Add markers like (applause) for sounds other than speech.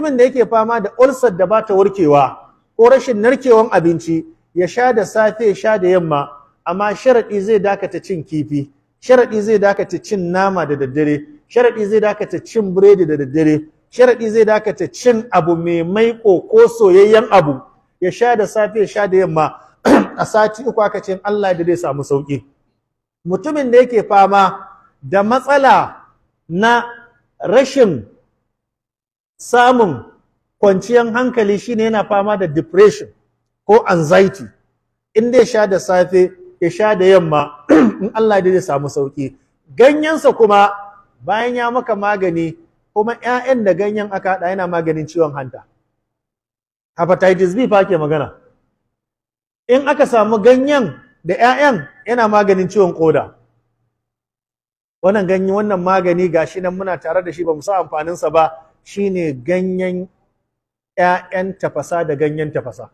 mutumin da yake fama da ulcer da ba ta warkewa ko rashin narkewan abinci ya sha da safe ya sha da yamma amma sharaɗi zai dakata cin kifi sharaɗi zai dakata cin nama da daddare sharaɗi zai dakata cin biredi da daddare sharaɗi zai dakata cin abu mai maiƙo ko soyayyen abu ya sha da safe ya sha da yamma a sati uku aka ce Allah da zai samu sauƙi mutumin da yake fama da matsala na rashin samun kwanciyar hankali shine yana fama da depression ko anxiety in dai sha da safe ya sha da yamma (clears throat) in Allah dai zai samu sauki ganyensa kuma bayan ya maka magani kuma ƴaƴan da ganyen aka haɗa yana maganin ciwon hanta hepatitis B fa ke magana in aka samu ganyen da ƴaƴan yana maganin ciwon koda wannan ganyen wannan magani gashi nan muna tare da shi ba mu san amfaninsa ba shine ganyen ‘ya'yan tafasa da ganyen tafasa